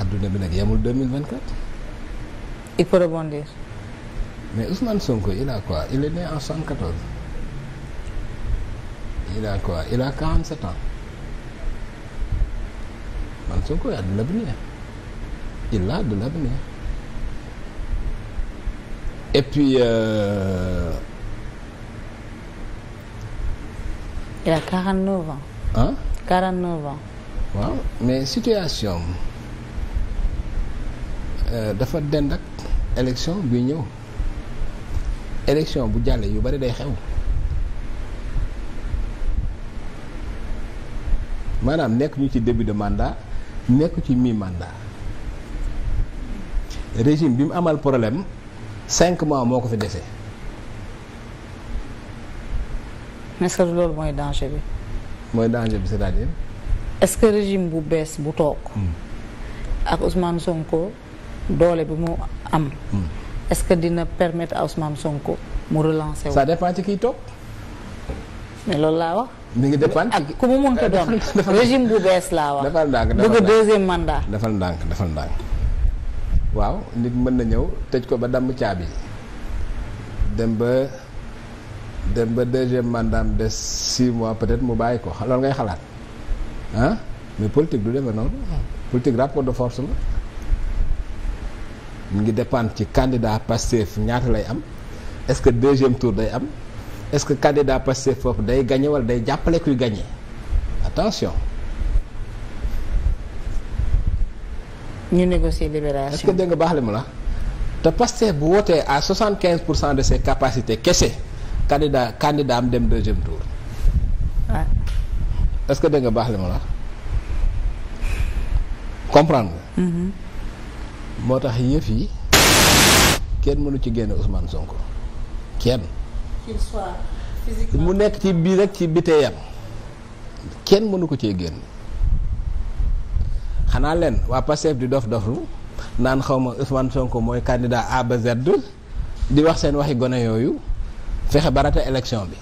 adduna bi nag yemul 2024. il peut rebondir. mais Ousmane Sonko il a quoi il est né en 74. il a quoi il a 47 ans man Sonko y a de l'avenir il a de l'avenir et puis. Euh... il a 49 ans. ah waaw mais situation Euh, dafa dend ak élection bi ñëw élection bu jàlle yu bari day xew maanaam nekk ñu ci début de mandat nekk ci mi mandat régime bi mu amal problème cinq mois moo ko fi dese. est loolu mooy danger bi. mooy danger bi c'est-à-dire. est-ce que régime bu bees bu toog. Hmm. ak Ousmane Sonko. doole bi mu am. Hmm. est-ce que dina permettre à Ousmane Sonko mu relancer wu. ça dépend ci kiy topp. mais loolu laa wax. mi ngi dépend ak ku mu mënta doon régime bu bees laa wax. defal ndànk defal ndànk defal ndànk. waaw nit mën na ñëw tëj ko ba damm caabi dem ba dem ba deuxième mandat des six mois peut-être mu bàyyi ko loolu ngay xalaat ah mais politique du demee noonu. politique rapport de force la. mu ngi dépendre ci candidat Pastef ñaata lay am est-ce que deuxième tour day am est-ce que candidat Pastef foofu day gagné wala day jàppale kuy gagné attention. ñu négocier libération est-ce que dégg nga baax li mu la te Pastef bu wootee à 75 pour cent de ses capacités kese candidat candidat am dem deuxième tour. waaw. Ah. est-ce que dégg nga baax li mu la comprend moo tax yëf yi kenn mënu ci génne Ousmane Sonko kenn. qu'il mu nekk ci biir rek ci biteeyam kenn mënu ko cee génn xanaa leen waa Pastef di dof doflu naan xaw ma Ousmane mooy candidat A ba di wax seen waxi gone yooyu fexe ba rate bi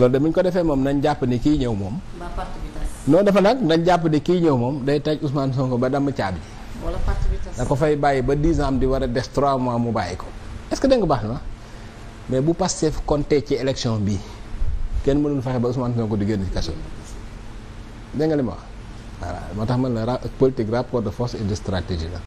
loolu de muñ ko defee moom nañ jàpp ni kii ñëw moom. noo dafa nag nañ jàpp ni kii ñëw moom day taj Ousmane Sonko ba damm caabi. da ko fay bàyyi ba 10 ans di war a des 3 mois mu bàyyi ko est-ce que dégg nga baax na mais bu Pastef compté ci élection bi kenn mënul faxe ba Ousmane ko di génn ci kaso bi dégg nga li ma wax voilà moo tax mën man la politique rapport de force et de stratégie la.